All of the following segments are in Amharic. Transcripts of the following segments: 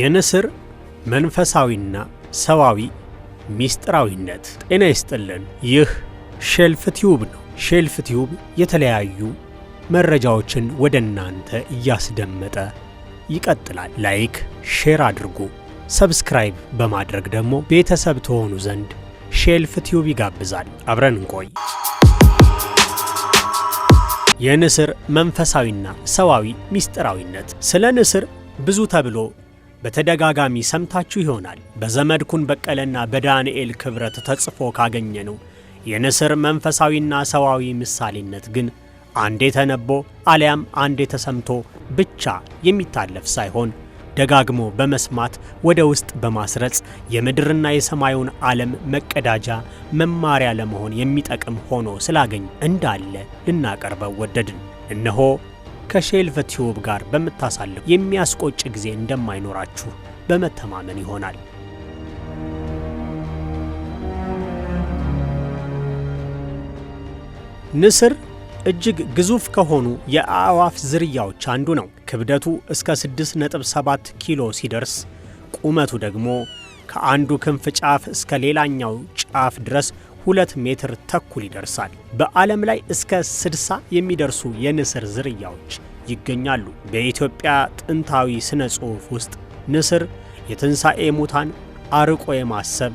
የንስር መንፈሳዊና ሰዋዊ ሚስጥራዊነት። ጤና ይስጥልን። ይህ ሼልፍ ቲዩብ ነው። ሼልፍ ቲዩብ የተለያዩ መረጃዎችን ወደ እናንተ እያስደመጠ ይቀጥላል። ላይክ፣ ሼር አድርጉ። ሰብስክራይብ በማድረግ ደግሞ ቤተሰብ ትሆኑ ዘንድ ሼልፍ ቲዩብ ይጋብዛል። አብረን እንቆይ። የንስር መንፈሳዊና ሰዋዊ ሚስጥራዊነት። ስለ ንስር ብዙ ተብሎ በተደጋጋሚ ሰምታችሁ ይሆናል። በዘመድኩን በቀለና በዳንኤል ክብረት ተጽፎ ካገኘነው የንስር መንፈሳዊና ሰዋዊ ምሳሌነት ግን አንዴ ተነቦ አሊያም አንዴ ተሰምቶ ብቻ የሚታለፍ ሳይሆን ደጋግሞ በመስማት ወደ ውስጥ በማስረጽ የምድርና የሰማዩን ዓለም መቀዳጃ መማሪያ ለመሆን የሚጠቅም ሆኖ ስላገኝ እንዳለ ልናቀርበው ወደድን። እነሆ ከሼልቭ ቲዩብ ጋር በምታሳልፉ የሚያስቆጭ ጊዜ እንደማይኖራችሁ በመተማመን ይሆናል። ንስር እጅግ ግዙፍ ከሆኑ የአእዋፍ ዝርያዎች አንዱ ነው። ክብደቱ እስከ 6.7 ኪሎ ሲደርስ ቁመቱ ደግሞ ከአንዱ ክንፍ ጫፍ እስከ ሌላኛው ጫፍ ድረስ ሁለት ሜትር ተኩል ይደርሳል። በዓለም ላይ እስከ 60 የሚደርሱ የንስር ዝርያዎች ይገኛሉ። በኢትዮጵያ ጥንታዊ ስነ ጽሑፍ ውስጥ ንስር የትንሣኤ ሙታን አርቆ የማሰብ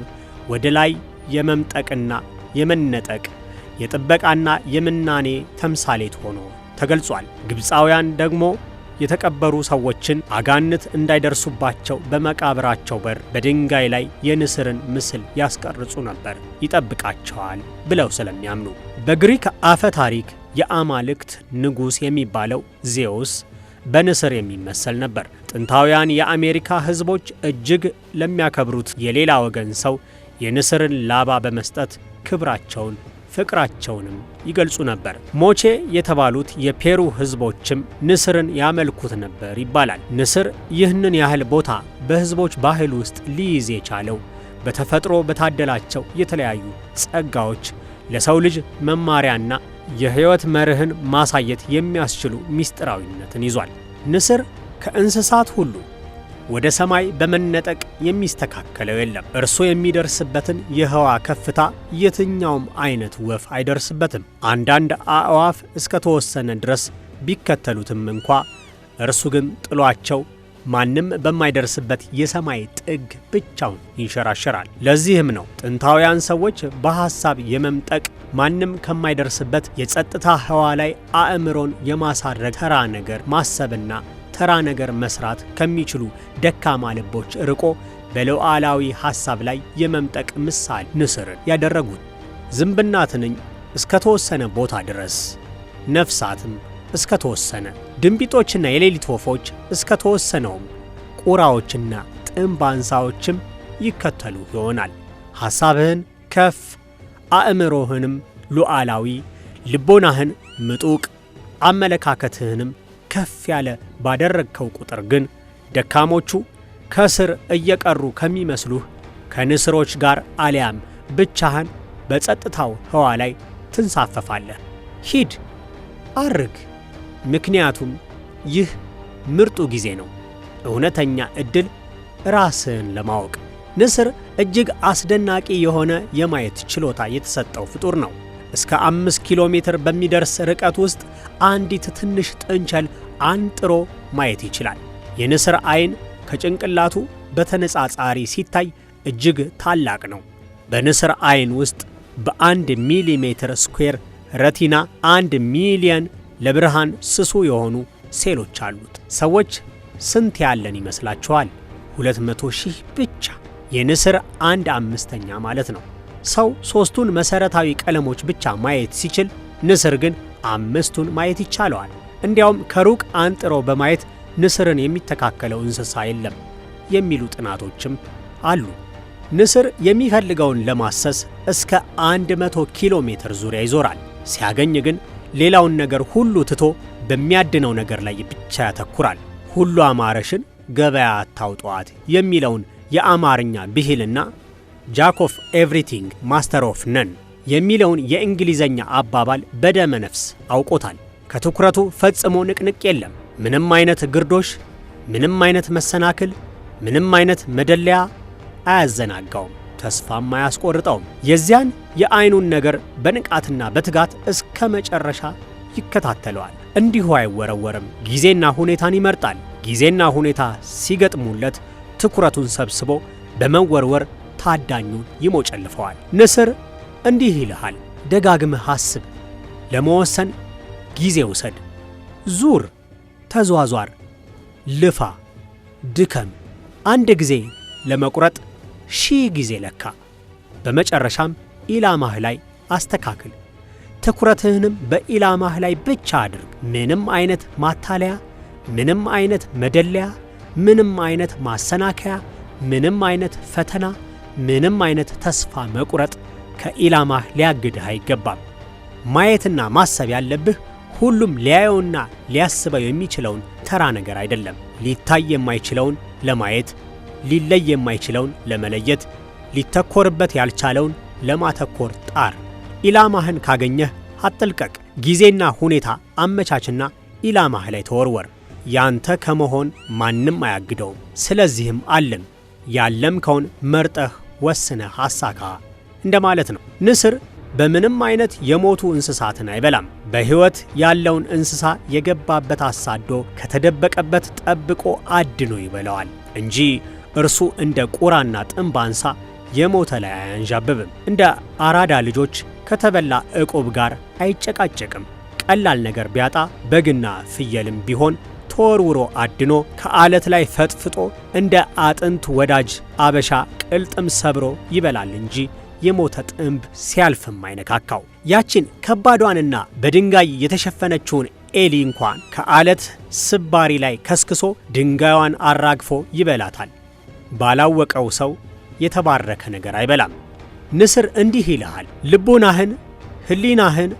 ወደ ላይ የመምጠቅና የመነጠቅ የጥበቃና የምናኔ ተምሳሌት ሆኖ ተገልጿል። ግብፃውያን ደግሞ የተቀበሩ ሰዎችን አጋንት እንዳይደርሱባቸው በመቃብራቸው በር በድንጋይ ላይ የንስርን ምስል ያስቀርጹ ነበር፣ ይጠብቃቸዋል ብለው ስለሚያምኑ። በግሪክ አፈ ታሪክ የአማልክት ንጉሥ የሚባለው ዜውስ በንስር የሚመሰል ነበር። ጥንታውያን የአሜሪካ ሕዝቦች እጅግ ለሚያከብሩት የሌላ ወገን ሰው የንስርን ላባ በመስጠት ክብራቸውን ፍቅራቸውንም ይገልጹ ነበር። ሞቼ የተባሉት የፔሩ ህዝቦችም ንስርን ያመልኩት ነበር ይባላል። ንስር ይህንን ያህል ቦታ በህዝቦች ባህል ውስጥ ሊይዝ የቻለው በተፈጥሮ በታደላቸው የተለያዩ ጸጋዎች ለሰው ልጅ መማሪያና የህይወት መርህን ማሳየት የሚያስችሉ ምስጢራዊነትን ይዟል። ንስር ከእንስሳት ሁሉ ወደ ሰማይ በመነጠቅ የሚስተካከለው የለም። እርሶ የሚደርስበትን የህዋ ከፍታ የትኛውም አይነት ወፍ አይደርስበትም። አንዳንድ አእዋፍ እስከ ተወሰነ ድረስ ቢከተሉትም እንኳ እርሱ ግን ጥሏቸው ማንም በማይደርስበት የሰማይ ጥግ ብቻውን ይንሸራሸራል። ለዚህም ነው ጥንታውያን ሰዎች በሐሳብ የመምጠቅ ማንም ከማይደርስበት የጸጥታ ህዋ ላይ አእምሮን የማሳረግ ተራ ነገር ማሰብና ተራ ነገር መስራት ከሚችሉ ደካማ ልቦች ርቆ በሉዓላዊ ሐሳብ ላይ የመምጠቅ ምሳሌ ንስርን ያደረጉት ዝምብና ትንኝ እስከ ተወሰነ ቦታ ድረስ፣ ነፍሳትም እስከ ተወሰነ፣ ድንቢጦችና የሌሊት ወፎች እስከ ተወሰነውም፣ ቁራዎችና ጥምባንሳዎችም ይከተሉ ይሆናል። ሐሳብህን ከፍ አእምሮህንም ሉዓላዊ ልቦናህን ምጡቅ አመለካከትህንም ከፍ ያለ ባደረግከው ቁጥር ግን ደካሞቹ ከስር እየቀሩ ከሚመስሉህ ከንስሮች ጋር አሊያም ብቻህን በጸጥታው ህዋ ላይ ትንሳፈፋለህ። ሂድ፣ አርግ፣ ምክንያቱም ይህ ምርጡ ጊዜ ነው። እውነተኛ ዕድል ራስህን ለማወቅ። ንስር እጅግ አስደናቂ የሆነ የማየት ችሎታ የተሰጠው ፍጡር ነው። እስከ አምስት ኪሎ ሜትር በሚደርስ ርቀት ውስጥ አንዲት ትንሽ ጥንቸል አንጥሮ ማየት ይችላል። የንስር ዐይን ከጭንቅላቱ በተነጻጻሪ ሲታይ እጅግ ታላቅ ነው። በንስር ዐይን ውስጥ በአንድ ሚሊሜትር ስኩዌር ረቲና አንድ ሚሊየን ለብርሃን ስሱ የሆኑ ሴሎች አሉት። ሰዎች ስንት ያለን ይመስላችኋል? 200 ሺህ ብቻ። የንስር አንድ አምስተኛ ማለት ነው። ሰው ሦስቱን መሠረታዊ ቀለሞች ብቻ ማየት ሲችል፣ ንስር ግን አምስቱን ማየት ይቻለዋል። እንዲያውም ከሩቅ አንጥሮ በማየት ንስርን የሚተካከለው እንስሳ የለም የሚሉ ጥናቶችም አሉ። ንስር የሚፈልገውን ለማሰስ እስከ 100 ኪሎ ሜትር ዙሪያ ይዞራል። ሲያገኝ ግን ሌላውን ነገር ሁሉ ትቶ በሚያድነው ነገር ላይ ብቻ ያተኩራል። ሁሉ አማረሽን ገበያ አታውጧት የሚለውን የአማርኛ ብሂልና ጃክ ኦፍ ኤቭሪቲንግ ማስተር ኦፍ ነን የሚለውን የእንግሊዘኛ አባባል በደመ ነፍስ አውቆታል። ከትኩረቱ ፈጽሞ ንቅንቅ የለም። ምንም አይነት ግርዶሽ፣ ምንም አይነት መሰናክል፣ ምንም አይነት መደለያ አያዘናጋውም፣ ተስፋም አያስቆርጠውም። የዚያን የአይኑን ነገር በንቃትና በትጋት እስከ መጨረሻ ይከታተለዋል። እንዲሁ አይወረወርም። ጊዜና ሁኔታን ይመርጣል። ጊዜና ሁኔታ ሲገጥሙለት ትኩረቱን ሰብስቦ በመወርወር ታዳኙን ይሞጨልፈዋል። ንስር እንዲህ ይልሃል፣ ደጋግመህ አስብ፣ ለመወሰን ጊዜ ውሰድ፣ ዙር፣ ተዟዟር፣ ልፋ፣ ድከም። አንድ ጊዜ ለመቁረጥ ሺህ ጊዜ ለካ። በመጨረሻም ኢላማህ ላይ አስተካክል። ትኩረትህንም በኢላማህ ላይ ብቻ አድርግ። ምንም አይነት ማታለያ፣ ምንም አይነት መደለያ፣ ምንም አይነት ማሰናከያ፣ ምንም አይነት ፈተና፣ ምንም አይነት ተስፋ መቁረጥ ከኢላማህ ሊያግድህ አይገባም። ማየትና ማሰብ ያለብህ ሁሉም ሊያየውና ሊያስበው የሚችለውን ተራ ነገር አይደለም። ሊታይ የማይችለውን ለማየት፣ ሊለይ የማይችለውን ለመለየት፣ ሊተኮርበት ያልቻለውን ለማተኮር ጣር። ኢላማህን ካገኘህ አጥልቀቅ ጊዜና ሁኔታ አመቻችና ኢላማህ ላይ ተወርወር። ያንተ ከመሆን ማንም አያግደውም። ስለዚህም አለም ያለም ከውን መርጠህ ወስነህ አሳካ እንደማለት ነው። ንስር በምንም አይነት የሞቱ እንስሳትን አይበላም። በሕይወት ያለውን እንስሳ የገባበት አሳዶ ከተደበቀበት ጠብቆ አድኖ ይበላዋል እንጂ እርሱ እንደ ቁራና ጥንባንሳ አንሳ የሞተ ላይ አያንዣብብም። እንደ አራዳ ልጆች ከተበላ ዕቁብ ጋር አይጨቃጨቅም። ቀላል ነገር ቢያጣ በግና ፍየልም ቢሆን ተወርውሮ አድኖ ከአለት ላይ ፈጥፍጦ እንደ አጥንት ወዳጅ አበሻ ቅልጥም ሰብሮ ይበላል እንጂ የሞተ ጥንብ ሲያልፍም አይነካካው። ያችን ከባዷንና በድንጋይ የተሸፈነችውን ኤሊ እንኳን ከአለት ስባሪ ላይ ከስክሶ ድንጋዩን አራግፎ ይበላታል። ባላወቀው ሰው የተባረከ ነገር አይበላም። ንስር እንዲህ ይልሃል፣ ልቦናህን፣ ህሊናህን፣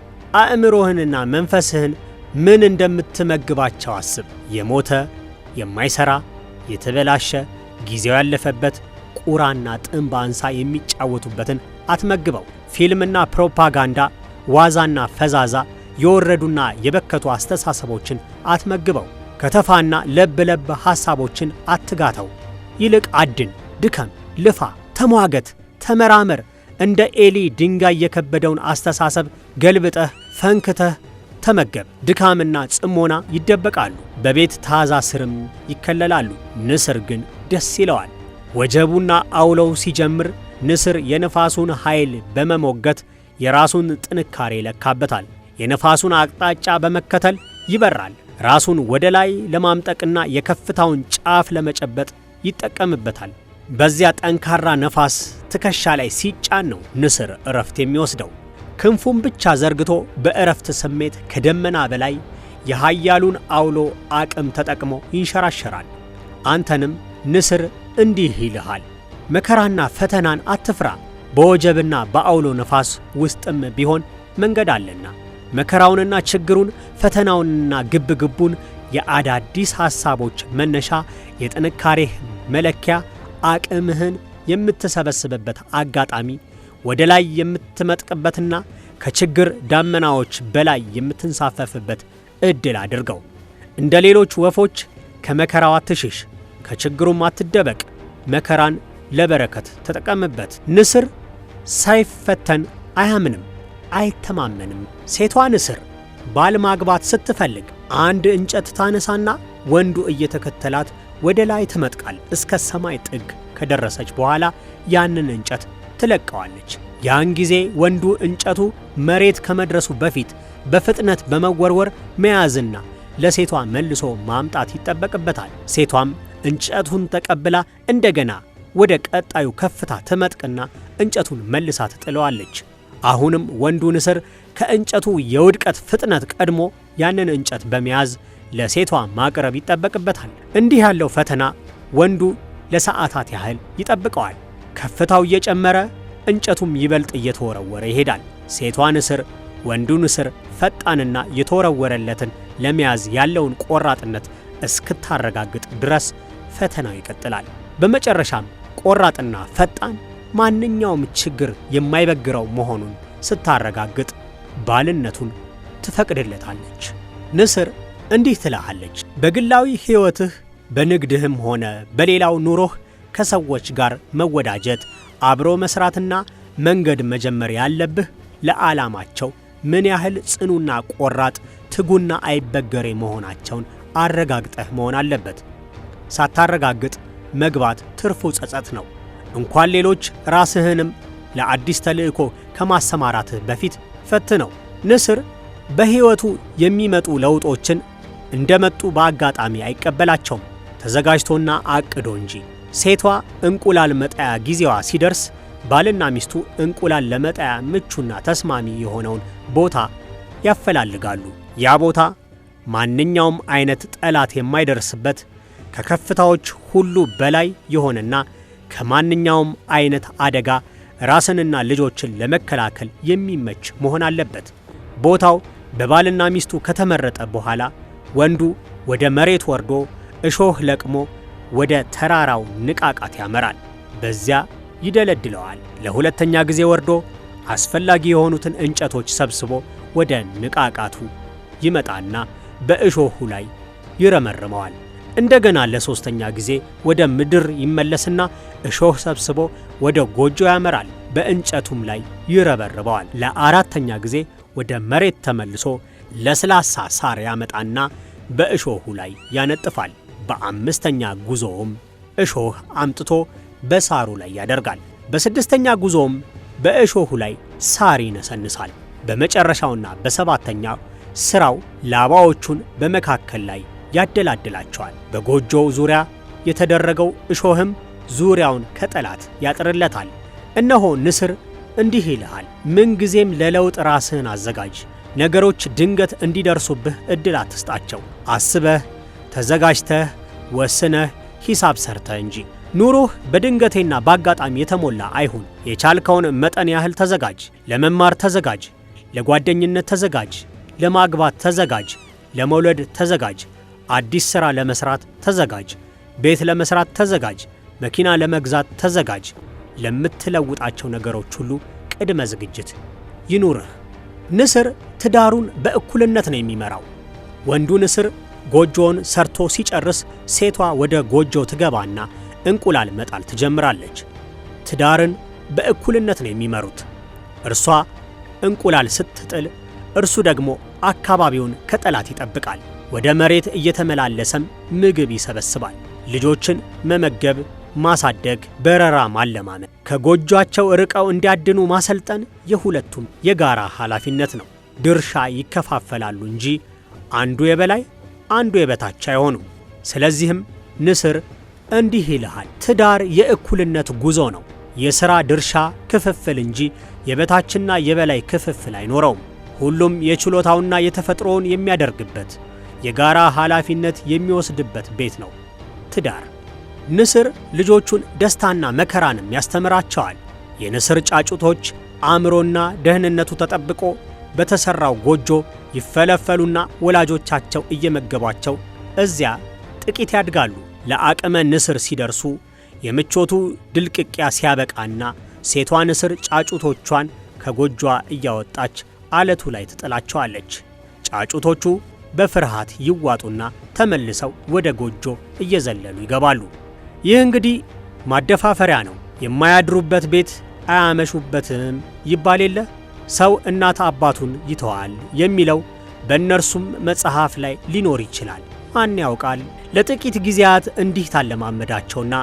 አእምሮህንና መንፈስህን ምን እንደምትመግባቸው አስብ። የሞተ የማይሰራ የተበላሸ ጊዜው ያለፈበት ቁራና ጥንብ አንሳ የሚጫወቱበትን አትመግበው። ፊልምና ፕሮፓጋንዳ፣ ዋዛና ፈዛዛ፣ የወረዱና የበከቱ አስተሳሰቦችን አትመግበው። ከተፋና ለብ ለብ ሐሳቦችን አትጋተው። ይልቅ አድን፣ ድከም፣ ልፋ፣ ተሟገት፣ ተመራመር። እንደ ኤሊ ድንጋይ የከበደውን አስተሳሰብ ገልብጠህ ፈንክተህ ተመገብ። ድካምና ጽሞና ይደበቃሉ፣ በቤት ታዛ ስርም ይከለላሉ። ንስር ግን ደስ ይለዋል። ወጀቡና አውለው ሲጀምር ንስር የነፋሱን ኃይል በመሞገት የራሱን ጥንካሬ ይለካበታል። የነፋሱን አቅጣጫ በመከተል ይበራል። ራሱን ወደ ላይ ለማምጠቅና የከፍታውን ጫፍ ለመጨበጥ ይጠቀምበታል። በዚያ ጠንካራ ነፋስ ትከሻ ላይ ሲጫን ነው ንስር እረፍት የሚወስደው። ክንፉን ብቻ ዘርግቶ በእረፍት ስሜት ከደመና በላይ የኃያሉን አውሎ አቅም ተጠቅሞ ይንሸራሸራል። አንተንም ንስር እንዲህ ይልሃል። መከራና ፈተናን አትፍራ። በወጀብና በአውሎ ነፋስ ውስጥም ቢሆን መንገድ አለና መከራውንና ችግሩን ፈተናውንና ግብግቡን የአዳዲስ ሐሳቦች መነሻ የጥንካሬህ መለኪያ አቅምህን የምትሰበስብበት አጋጣሚ ወደ ላይ የምትመጥቅበትና ከችግር ዳመናዎች በላይ የምትንሳፈፍበት ዕድል አድርገው። እንደ ሌሎች ወፎች ከመከራው አትሽሽ፣ ከችግሩም አትደበቅ። መከራን ለበረከት ተጠቀምበት። ንስር ሳይፈተን አያምንም፣ አይተማመንም። ሴቷ ንስር ባል ማግባት ስትፈልግ አንድ እንጨት ታነሳና ወንዱ እየተከተላት ወደ ላይ ትመጥቃል። እስከ ሰማይ ጥግ ከደረሰች በኋላ ያንን እንጨት ትለቀዋለች። ያን ጊዜ ወንዱ እንጨቱ መሬት ከመድረሱ በፊት በፍጥነት በመወርወር መያዝና ለሴቷ መልሶ ማምጣት ይጠበቅበታል። ሴቷም እንጨቱን ተቀብላ እንደገና ወደ ቀጣዩ ከፍታ ትመጥቅና እንጨቱን መልሳ ትጥለዋለች። አሁንም ወንዱ ንስር ከእንጨቱ የውድቀት ፍጥነት ቀድሞ ያንን እንጨት በመያዝ ለሴቷ ማቅረብ ይጠበቅበታል። እንዲህ ያለው ፈተና ወንዱ ለሰዓታት ያህል ይጠብቀዋል። ከፍታው እየጨመረ እንጨቱም ይበልጥ እየተወረወረ ይሄዳል። ሴቷ ንስር ወንዱ ንስር ፈጣንና የተወረወረለትን ለመያዝ ያለውን ቆራጥነት እስክታረጋግጥ ድረስ ፈተናው ይቀጥላል። በመጨረሻም ቆራጥና ፈጣን፣ ማንኛውም ችግር የማይበግረው መሆኑን ስታረጋግጥ ባልነቱን ትፈቅድለታለች። ንስር እንዲህ ትልሃለች፣ በግላዊ ሕይወትህ በንግድህም ሆነ በሌላው ኑሮህ ከሰዎች ጋር መወዳጀት፣ አብሮ መስራትና መንገድ መጀመር ያለብህ ለዓላማቸው ምን ያህል ጽኑና ቆራጥ፣ ትጉና አይበገሬ መሆናቸውን አረጋግጠህ መሆን አለበት። ሳታረጋግጥ መግባት ትርፉ ጸጸት ነው። እንኳን ሌሎች ራስህንም ለአዲስ ተልእኮ ከማሰማራትህ በፊት ፈት ነው። ንስር በሕይወቱ የሚመጡ ለውጦችን እንደመጡ በአጋጣሚ አይቀበላቸውም፣ ተዘጋጅቶና አቅዶ እንጂ። ሴቷ እንቁላል መጣያ ጊዜዋ ሲደርስ ባልና ሚስቱ እንቁላል ለመጣያ ምቹና ተስማሚ የሆነውን ቦታ ያፈላልጋሉ። ያ ቦታ ማንኛውም አይነት ጠላት የማይደርስበት ከከፍታዎች ሁሉ በላይ የሆነና ከማንኛውም አይነት አደጋ ራስንና ልጆችን ለመከላከል የሚመች መሆን አለበት። ቦታው በባልና ሚስቱ ከተመረጠ በኋላ ወንዱ ወደ መሬት ወርዶ እሾህ ለቅሞ ወደ ተራራው ንቃቃት ያመራል። በዚያ ይደለድለዋል። ለሁለተኛ ጊዜ ወርዶ አስፈላጊ የሆኑትን እንጨቶች ሰብስቦ ወደ ንቃቃቱ ይመጣና በእሾሁ ላይ ይረመርመዋል። እንደገና ለሶስተኛ ጊዜ ወደ ምድር ይመለስና እሾህ ሰብስቦ ወደ ጎጆ ያመራል። በእንጨቱም ላይ ይረበርበዋል። ለአራተኛ ጊዜ ወደ መሬት ተመልሶ ለስላሳ ሳር ያመጣና በእሾሁ ላይ ያነጥፋል። በአምስተኛ ጉዞውም እሾህ አምጥቶ በሳሩ ላይ ያደርጋል። በስድስተኛ ጉዞውም በእሾሁ ላይ ሳር ይነሰንሳል። በመጨረሻውና በሰባተኛው ስራው ላባዎቹን በመካከል ላይ ያደላድላቸዋል። በጎጆው ዙሪያ የተደረገው እሾህም ዙሪያውን ከጠላት ያጥርለታል። እነሆ ንስር እንዲህ ይልሃል፣ ምንጊዜም ለለውጥ ራስህን አዘጋጅ። ነገሮች ድንገት እንዲደርሱብህ ዕድል አትስጣቸው። አስበህ ተዘጋጅተህ ወስነህ ሂሳብ ሰርተህ እንጂ ኑሮህ በድንገቴና በአጋጣሚ የተሞላ አይሁን። የቻልከውን መጠን ያህል ተዘጋጅ። ለመማር ተዘጋጅ፣ ለጓደኝነት ተዘጋጅ፣ ለማግባት ተዘጋጅ፣ ለመውለድ ተዘጋጅ፣ አዲስ ሥራ ለመሥራት ተዘጋጅ። ቤት ለመሥራት ተዘጋጅ። መኪና ለመግዛት ተዘጋጅ። ለምትለውጣቸው ነገሮች ሁሉ ቅድመ ዝግጅት ይኑርህ። ንስር ትዳሩን በእኩልነት ነው የሚመራው። ወንዱ ንስር ጎጆውን ሰርቶ ሲጨርስ ሴቷ ወደ ጎጆው ትገባና እንቁላል መጣል ትጀምራለች። ትዳርን በእኩልነት ነው የሚመሩት። እርሷ እንቁላል ስትጥል፣ እርሱ ደግሞ አካባቢውን ከጠላት ይጠብቃል። ወደ መሬት እየተመላለሰም ምግብ ይሰበስባል። ልጆችን መመገብ፣ ማሳደግ፣ በረራ ማለማመድ፣ ከጎጇቸው ርቀው እንዲያድኑ ማሰልጠን የሁለቱም የጋራ ኃላፊነት ነው። ድርሻ ይከፋፈላሉ እንጂ አንዱ የበላይ አንዱ የበታች አይሆኑም። ስለዚህም ንስር እንዲህ ይልሃል፣ ትዳር የእኩልነት ጉዞ ነው። የሥራ ድርሻ ክፍፍል እንጂ የበታችና የበላይ ክፍፍል አይኖረውም። ሁሉም የችሎታውና የተፈጥሮውን የሚያደርግበት የጋራ ኃላፊነት የሚወስድበት ቤት ነው ትዳር። ንስር ልጆቹን ደስታና መከራንም ያስተምራቸዋል። የንስር ጫጩቶች አእምሮና ደህንነቱ ተጠብቆ በተሠራው ጎጆ ይፈለፈሉና ወላጆቻቸው እየመገቧቸው እዚያ ጥቂት ያድጋሉ። ለአቅመ ንስር ሲደርሱ የምቾቱ ድልቅቂያ ሲያበቃና ሴቷ ንስር ጫጩቶቿን ከጎጇ እያወጣች አለቱ ላይ ትጥላቸዋለች። ጫጩቶቹ በፍርሃት ይዋጡና ተመልሰው ወደ ጎጆ እየዘለሉ ይገባሉ። ይህ እንግዲህ ማደፋፈሪያ ነው። የማያድሩበት ቤት አያመሹበትም ይባል የለ ሰው እናት አባቱን ይተዋል የሚለው በእነርሱም መጽሐፍ ላይ ሊኖር ይችላል። ማን ያውቃል? ለጥቂት ጊዜያት እንዲህ ታለማመዳቸውና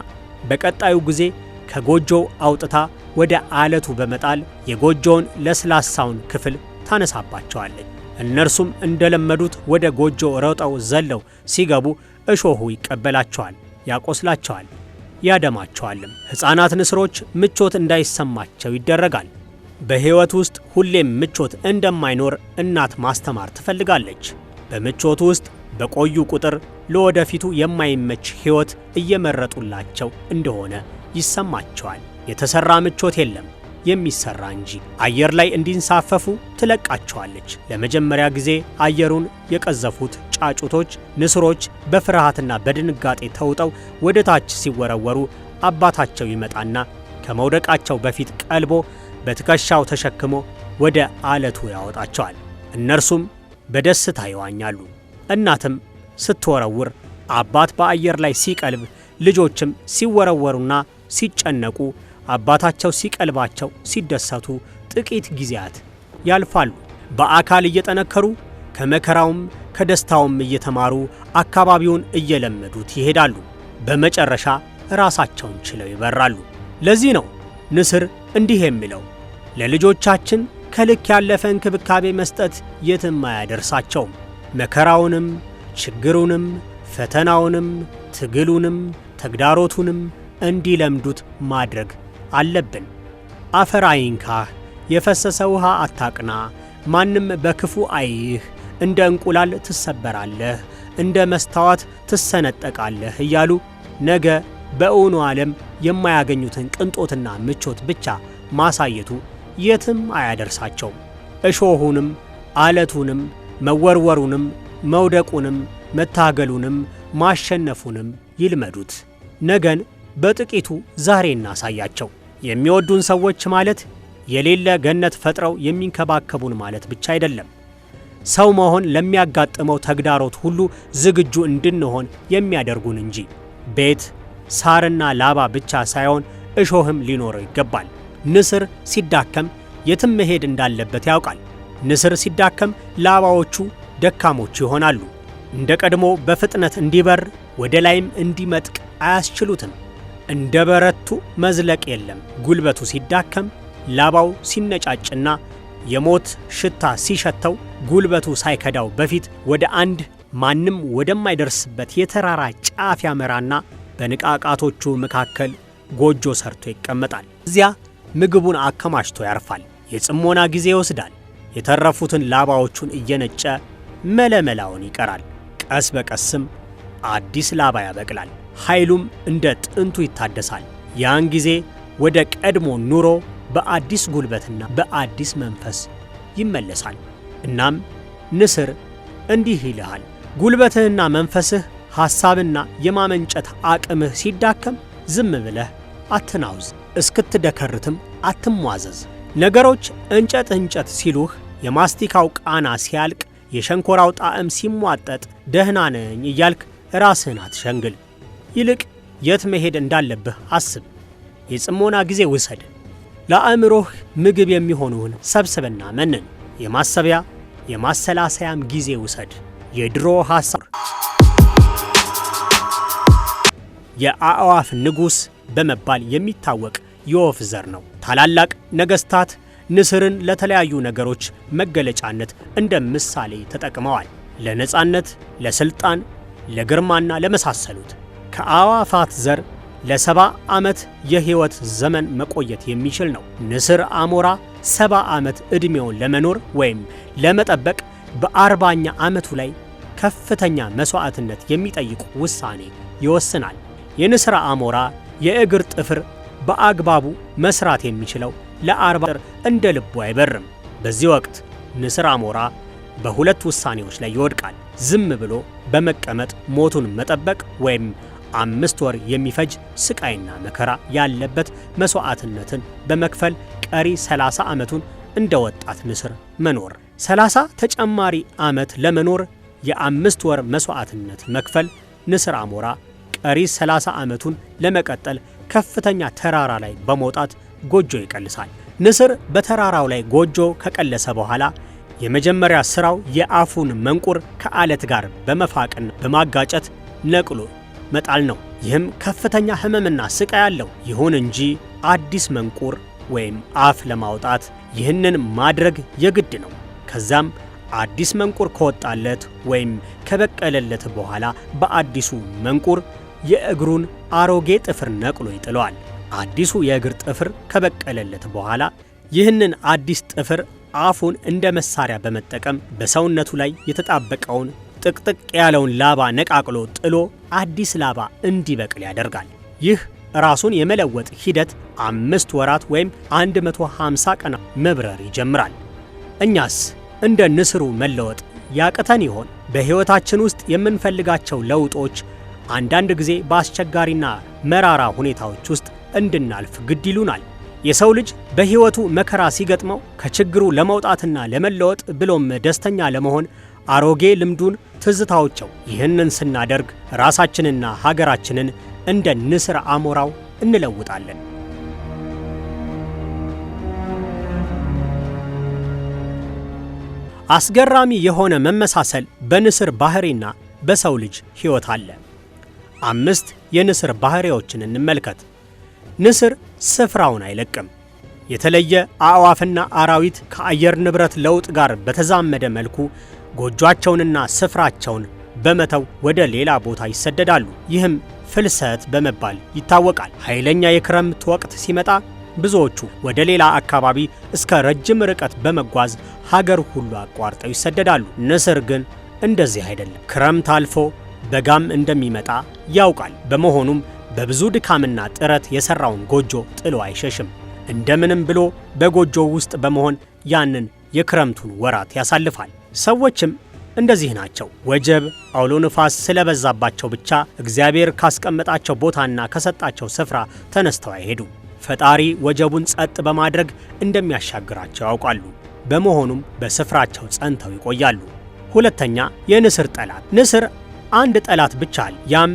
በቀጣዩ ጊዜ ከጎጆው አውጥታ ወደ አለቱ በመጣል የጎጆውን ለስላሳውን ክፍል ታነሳባቸዋለች። እነርሱም እንደለመዱት ወደ ጎጆ ሮጠው ዘለው ሲገቡ እሾሁ ይቀበላቸዋል፣ ያቆስላቸዋል፣ ያደማቸዋልም። ሕፃናት ንስሮች ምቾት እንዳይሰማቸው ይደረጋል። በሕይወት ውስጥ ሁሌም ምቾት እንደማይኖር እናት ማስተማር ትፈልጋለች። በምቾት ውስጥ በቆዩ ቁጥር ለወደፊቱ የማይመች ሕይወት እየመረጡላቸው እንደሆነ ይሰማቸዋል። የተሠራ ምቾት የለም። የሚሰራ እንጂ አየር ላይ እንዲንሳፈፉ ትለቃቸዋለች። ለመጀመሪያ ጊዜ አየሩን የቀዘፉት ጫጩቶች ንስሮች በፍርሃትና በድንጋጤ ተውጠው ወደ ታች ሲወረወሩ አባታቸው ይመጣና ከመውደቃቸው በፊት ቀልቦ በትከሻው ተሸክሞ ወደ አለቱ ያወጣቸዋል። እነርሱም በደስታ ይዋኛሉ። እናትም ስትወረውር፣ አባት በአየር ላይ ሲቀልብ፣ ልጆችም ሲወረወሩና ሲጨነቁ አባታቸው ሲቀልባቸው ሲደሰቱ ጥቂት ጊዜያት ያልፋሉ። በአካል እየጠነከሩ ከመከራውም ከደስታውም እየተማሩ አካባቢውን እየለመዱት ይሄዳሉ። በመጨረሻ ራሳቸውን ችለው ይበራሉ። ለዚህ ነው ንስር እንዲህ የሚለው ለልጆቻችን ከልክ ያለፈ እንክብካቤ መስጠት የትም አያደርሳቸውም። መከራውንም፣ ችግሩንም፣ ፈተናውንም፣ ትግሉንም፣ ተግዳሮቱንም እንዲለምዱት ማድረግ አለብን። አፈር አይንካህ፣ የፈሰሰ ውሃ አታቅና፣ ማንም በክፉ አይህ፣ እንደ እንቁላል ትሰበራለህ፣ እንደ መስታወት ትሰነጠቃለህ እያሉ ነገ በእውኑ ዓለም የማያገኙትን ቅንጦትና ምቾት ብቻ ማሳየቱ የትም አያደርሳቸውም። እሾሁንም አለቱንም መወርወሩንም መውደቁንም መታገሉንም ማሸነፉንም ይልመዱት። ነገን በጥቂቱ ዛሬ እናሳያቸው። የሚወዱን ሰዎች ማለት የሌለ ገነት ፈጥረው የሚንከባከቡን ማለት ብቻ አይደለም። ሰው መሆን ለሚያጋጥመው ተግዳሮት ሁሉ ዝግጁ እንድንሆን የሚያደርጉን እንጂ ቤት ሳርና ላባ ብቻ ሳይሆን እሾህም ሊኖረው ይገባል። ንስር ሲዳከም የትም መሄድ እንዳለበት ያውቃል። ንስር ሲዳከም ላባዎቹ ደካሞች ይሆናሉ። እንደ ቀድሞ በፍጥነት እንዲበር ወደ ላይም እንዲመጥቅ አያስችሉትም። እንደ በረቱ መዝለቅ የለም። ጉልበቱ ሲዳከም፣ ላባው ሲነጫጭና የሞት ሽታ ሲሸተው ጉልበቱ ሳይከዳው በፊት ወደ አንድ ማንም ወደማይደርስበት የተራራ ጫፍ ያመራና በንቃቃቶቹ መካከል ጎጆ ሰርቶ ይቀመጣል። እዚያ ምግቡን አከማችቶ ያርፋል። የጽሞና ጊዜ ይወስዳል። የተረፉትን ላባዎቹን እየነጨ መለመላውን ይቀራል። ቀስ በቀስም አዲስ ላባ ያበቅላል። ኃይሉም እንደ ጥንቱ ይታደሳል። ያን ጊዜ ወደ ቀድሞ ኑሮ በአዲስ ጉልበትና በአዲስ መንፈስ ይመለሳል። እናም ንስር እንዲህ ይልሃል፣ ጉልበትህና መንፈስህ ሐሳብና የማመንጨት አቅምህ ሲዳከም ዝም ብለህ አትናውዝ፣ እስክትደከርትም አትሟዘዝ። ነገሮች እንጨት እንጨት ሲሉህ፣ የማስቲካው ቃና ሲያልቅ፣ የሸንኮራው ጣዕም ሲሟጠጥ፣ ደህና ነኝ እያልክ ራስህን አትሸንግል። ይልቅ የት መሄድ እንዳለብህ አስብ። የጽሞና ጊዜ ውሰድ። ለአእምሮህ ምግብ የሚሆኑህን ሰብስብና መንን። የማሰቢያ የማሰላሰያም ጊዜ ውሰድ። የድሮ ሐሳብ የአእዋፍ ንጉሥ በመባል የሚታወቅ የወፍ ዘር ነው። ታላላቅ ነገሥታት ንስርን ለተለያዩ ነገሮች መገለጫነት እንደ ምሳሌ ተጠቅመዋል። ለነፃነት፣ ለሥልጣን፣ ለግርማና ለመሳሰሉት ከአዕዋፋት ዘር ለሰባ ዓመት የሕይወት ዘመን መቆየት የሚችል ነው። ንስር አሞራ ሰባ ዓመት ዕድሜውን ለመኖር ወይም ለመጠበቅ በአርባኛ ዓመቱ ላይ ከፍተኛ መሥዋዕትነት የሚጠይቅ ውሳኔ ይወስናል። የንስር አሞራ የእግር ጥፍር በአግባቡ መስራት የሚችለው ለአርባ እንደ ልቡ አይበርም። በዚህ ወቅት ንስር አሞራ በሁለት ውሳኔዎች ላይ ይወድቃል። ዝም ብሎ በመቀመጥ ሞቱን መጠበቅ ወይም አምስት ወር የሚፈጅ ስቃይና መከራ ያለበት መስዋዕትነትን በመክፈል ቀሪ 30 ዓመቱን እንደ ወጣት ንስር መኖር። 30 ተጨማሪ ዓመት ለመኖር የአምስት ወር መስዋዕትነት መክፈል ንስር አሞራ ቀሪ 30 ዓመቱን ለመቀጠል ከፍተኛ ተራራ ላይ በመውጣት ጎጆ ይቀልሳል። ንስር በተራራው ላይ ጎጆ ከቀለሰ በኋላ የመጀመሪያ ስራው የአፉን መንቁር ከአለት ጋር በመፋቅን በማጋጨት ነቅሎ መጣል ነው። ይህም ከፍተኛ ህመምና ስቃይ አለው። ይሁን እንጂ አዲስ መንቁር ወይም አፍ ለማውጣት ይህንን ማድረግ የግድ ነው። ከዛም አዲስ መንቁር ከወጣለት ወይም ከበቀለለት በኋላ በአዲሱ መንቁር የእግሩን አሮጌ ጥፍር ነቅሎ ይጥለዋል። አዲሱ የእግር ጥፍር ከበቀለለት በኋላ ይህንን አዲስ ጥፍር አፉን እንደ መሳሪያ በመጠቀም በሰውነቱ ላይ የተጣበቀውን ጥቅጥቅ ያለውን ላባ ነቃቅሎ ጥሎ አዲስ ላባ እንዲበቅል ያደርጋል። ይህ ራሱን የመለወጥ ሂደት አምስት ወራት ወይም 150 ቀን መብረር ይጀምራል። እኛስ እንደ ንስሩ መለወጥ ያቅተን ይሆን? በሕይወታችን ውስጥ የምንፈልጋቸው ለውጦች አንዳንድ ጊዜ በአስቸጋሪና መራራ ሁኔታዎች ውስጥ እንድናልፍ ግድ ይሉናል። የሰው ልጅ በሕይወቱ መከራ ሲገጥመው ከችግሩ ለመውጣትና ለመለወጥ ብሎም ደስተኛ ለመሆን አሮጌ ልምዱን፣ ትዝታዎቸው። ይህንን ስናደርግ ራሳችንና ሀገራችንን እንደ ንስር አሞራው እንለውጣለን። አስገራሚ የሆነ መመሳሰል በንስር ባህሪና በሰው ልጅ ሕይወት አለ። አምስት የንስር ባህሪዎችን እንመልከት። ንስር ስፍራውን አይለቅም። የተለየ አዕዋፍና አራዊት ከአየር ንብረት ለውጥ ጋር በተዛመደ መልኩ ጎጇቸውንና ስፍራቸውን በመተው ወደ ሌላ ቦታ ይሰደዳሉ። ይህም ፍልሰት በመባል ይታወቃል። ኃይለኛ የክረምት ወቅት ሲመጣ ብዙዎቹ ወደ ሌላ አካባቢ እስከ ረጅም ርቀት በመጓዝ ሀገር ሁሉ አቋርጠው ይሰደዳሉ። ንስር ግን እንደዚህ አይደለም። ክረምት አልፎ በጋም እንደሚመጣ ያውቃል። በመሆኑም በብዙ ድካምና ጥረት የሰራውን ጎጆ ጥሎ አይሸሽም። እንደምንም ብሎ በጎጆው ውስጥ በመሆን ያንን የክረምቱን ወራት ያሳልፋል። ሰዎችም እንደዚህ ናቸው። ወጀብ፣ አውሎ ንፋስ ስለበዛባቸው ብቻ እግዚአብሔር ካስቀመጣቸው ቦታና ከሰጣቸው ስፍራ ተነስተው አይሄዱም። ፈጣሪ ወጀቡን ጸጥ በማድረግ እንደሚያሻግራቸው ያውቃሉ። በመሆኑም በስፍራቸው ጸንተው ይቆያሉ። ሁለተኛ፣ የንስር ጠላት። ንስር አንድ ጠላት ብቻ አለ፣ ያም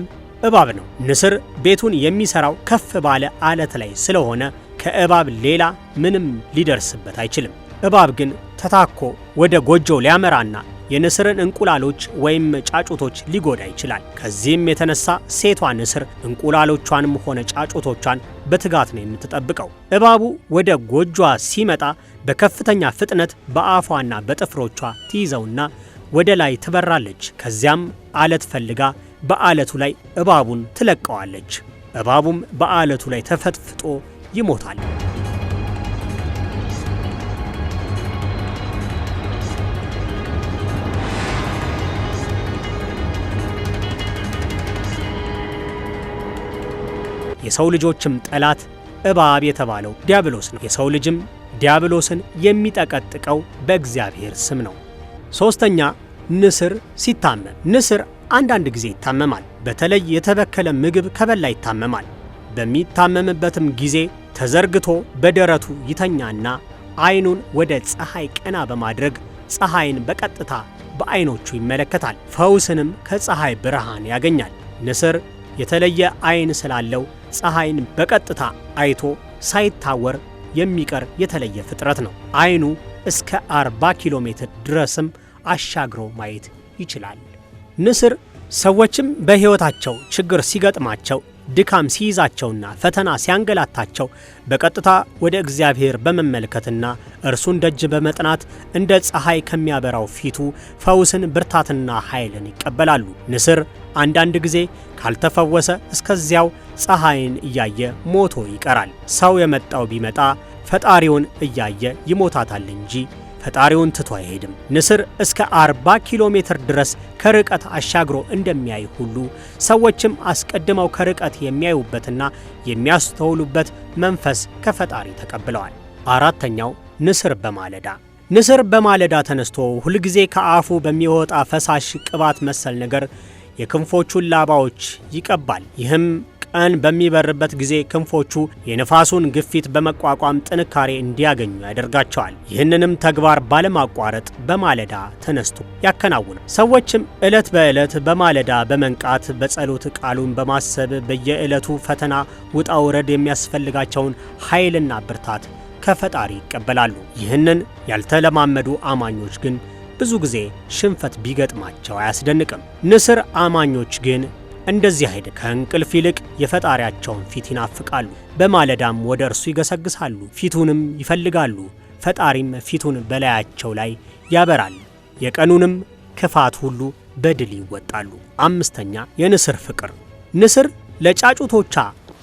እባብ ነው። ንስር ቤቱን የሚሰራው ከፍ ባለ አለት ላይ ስለሆነ ከእባብ ሌላ ምንም ሊደርስበት አይችልም። እባብ ግን ተታኮ ወደ ጎጆው ሊያመራና የንስርን እንቁላሎች ወይም ጫጩቶች ሊጎዳ ይችላል። ከዚህም የተነሳ ሴቷ ንስር እንቁላሎቿንም ሆነ ጫጩቶቿን በትጋት ነው የምትጠብቀው። እባቡ ወደ ጎጇ ሲመጣ በከፍተኛ ፍጥነት በአፏና በጥፍሮቿ ትይዘውና ወደ ላይ ትበራለች። ከዚያም አለት ፈልጋ በአለቱ ላይ እባቡን ትለቀዋለች። እባቡም በአለቱ ላይ ተፈጥፍጦ ይሞታል። የሰው ልጆችም ጠላት እባብ የተባለው ዲያብሎስ ነው። የሰው ልጅም ዲያብሎስን የሚጠቀጥቀው በእግዚአብሔር ስም ነው። ሦስተኛ ንስር ሲታመም። ንስር አንዳንድ ጊዜ ይታመማል። በተለይ የተበከለ ምግብ ከበላ ይታመማል። በሚታመምበትም ጊዜ ተዘርግቶ በደረቱ ይተኛና ዓይኑን ወደ ፀሐይ ቀና በማድረግ ፀሐይን በቀጥታ በዓይኖቹ ይመለከታል። ፈውስንም ከፀሐይ ብርሃን ያገኛል። ንስር የተለየ ዓይን ስላለው ፀሐይን በቀጥታ አይቶ ሳይታወር የሚቀር የተለየ ፍጥረት ነው። አይኑ እስከ 40 ኪሎ ሜትር ድረስም አሻግሮ ማየት ይችላል። ንስር ሰዎችም በሕይወታቸው ችግር ሲገጥማቸው ድካም ሲይዛቸውና ፈተና ሲያንገላታቸው በቀጥታ ወደ እግዚአብሔር በመመልከትና እርሱን ደጅ በመጥናት እንደ ፀሐይ ከሚያበራው ፊቱ ፈውስን፣ ብርታትና ኃይልን ይቀበላሉ። ንስር አንዳንድ ጊዜ ካልተፈወሰ እስከዚያው ፀሐይን እያየ ሞቶ ይቀራል። ሰው የመጣው ቢመጣ ፈጣሪውን እያየ ይሞታታል እንጂ ፈጣሪውን ትቶ አይሄድም። ንስር እስከ 40 ኪሎ ሜትር ድረስ ከርቀት አሻግሮ እንደሚያይ ሁሉ ሰዎችም አስቀድመው ከርቀት የሚያዩበትና የሚያስተውሉበት መንፈስ ከፈጣሪ ተቀብለዋል። አራተኛው ንስር በማለዳ ንስር በማለዳ ተነስቶ ሁልጊዜ ከአፉ በሚወጣ ፈሳሽ ቅባት መሰል ነገር የክንፎቹን ላባዎች ይቀባል። ይህም ቀን በሚበርበት ጊዜ ክንፎቹ የነፋሱን ግፊት በመቋቋም ጥንካሬ እንዲያገኙ ያደርጋቸዋል። ይህንንም ተግባር ባለማቋረጥ በማለዳ ተነስቶ ያከናውናል። ሰዎችም ዕለት በዕለት በማለዳ በመንቃት በጸሎት ቃሉን በማሰብ በየዕለቱ ፈተና ውጣ ውረድ የሚያስፈልጋቸውን ኃይልና ብርታት ከፈጣሪ ይቀበላሉ። ይህንን ያልተለማመዱ አማኞች ግን ብዙ ጊዜ ሽንፈት ቢገጥማቸው አያስደንቅም። ንስር አማኞች ግን እንደዚህ አይደ ከእንቅልፍ ይልቅ የፈጣሪያቸውን ፊት ይናፍቃሉ። በማለዳም ወደ እርሱ ይገሰግሳሉ፣ ፊቱንም ይፈልጋሉ። ፈጣሪም ፊቱን በላያቸው ላይ ያበራል፣ የቀኑንም ክፋት ሁሉ በድል ይወጣሉ። አምስተኛ የንስር ፍቅር። ንስር ለጫጩቶቿ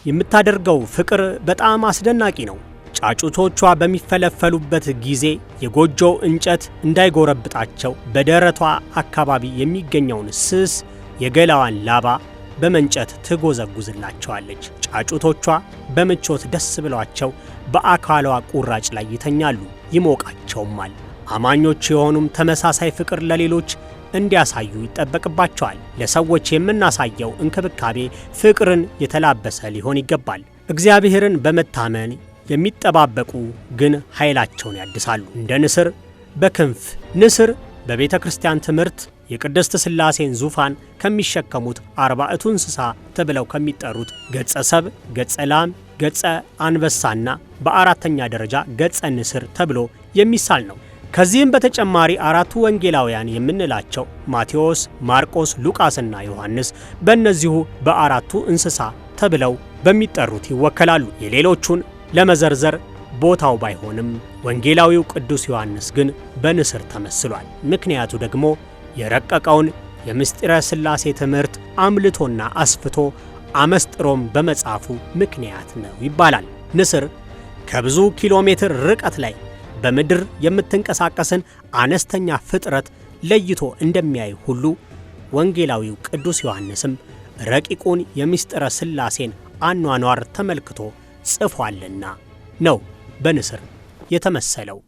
የምታደርገው ፍቅር በጣም አስደናቂ ነው። ጫጩቶቿ በሚፈለፈሉበት ጊዜ የጎጆ እንጨት እንዳይጎረብጣቸው በደረቷ አካባቢ የሚገኘውን ስስ የገላዋን ላባ በመንጨት ትጎዘጉዝላቸዋለች። ጫጩቶቿ በምቾት ደስ ብሏቸው በአካሏ ቁራጭ ላይ ይተኛሉ፣ ይሞቃቸውማል። አማኞች የሆኑም ተመሳሳይ ፍቅር ለሌሎች እንዲያሳዩ ይጠበቅባቸዋል። ለሰዎች የምናሳየው እንክብካቤ ፍቅርን የተላበሰ ሊሆን ይገባል። እግዚአብሔርን በመታመን የሚጠባበቁ ግን ኃይላቸውን ያድሳሉ እንደ ንስር በክንፍ ንስር በቤተ ክርስቲያን ትምህርት የቅድስት ሥላሴን ዙፋን ከሚሸከሙት አርባዕቱ እንስሳ ተብለው ከሚጠሩት ገጸ ሰብ፣ ገጸ ላም፣ ገጸ አንበሳና በአራተኛ ደረጃ ገጸ ንስር ተብሎ የሚሳል ነው። ከዚህም በተጨማሪ አራቱ ወንጌላውያን የምንላቸው ማቴዎስ፣ ማርቆስ፣ ሉቃስና ዮሐንስ በእነዚሁ በአራቱ እንስሳ ተብለው በሚጠሩት ይወከላሉ። የሌሎቹን ለመዘርዘር ቦታው ባይሆንም ወንጌላዊው ቅዱስ ዮሐንስ ግን በንስር ተመስሏል። ምክንያቱ ደግሞ የረቀቀውን የምስጢረ ሥላሴ ትምህርት አምልቶና አስፍቶ አመስጥሮም በመጻፉ ምክንያት ነው ይባላል። ንስር ከብዙ ኪሎ ሜትር ርቀት ላይ በምድር የምትንቀሳቀስን አነስተኛ ፍጥረት ለይቶ እንደሚያይ ሁሉ ወንጌላዊው ቅዱስ ዮሐንስም ረቂቁን የምስጢረ ሥላሴን አኗኗር ተመልክቶ ጽፏልና ነው በንስር የተመሰለው።